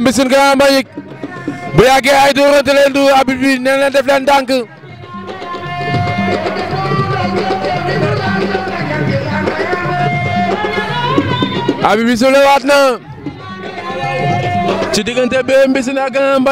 diggante Mbissine Grand bu yàggee ay dóorante leen du abit bi leen def leen ndànk abit sule waat na ci diggante bi Mbissine ak Grand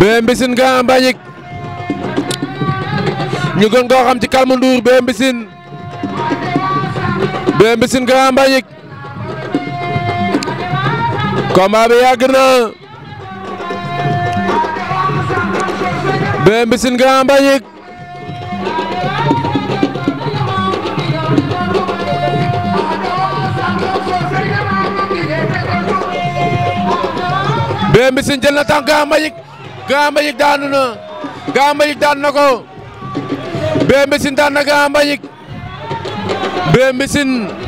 Bébé Mbissine Grand Mbagnick ñu gën koo ci Calme Ndour Bébé Mbissine Bébé Mbissine Grand Mbagnick combat bi yàgg na Bébé Mbissine Grand Bébé Mbissine jël na tànk Grand Magic Grand Magic daanu na Grand Magic daan na ko Bébé Mbissine daan na Grand Magic Bébé Mbissine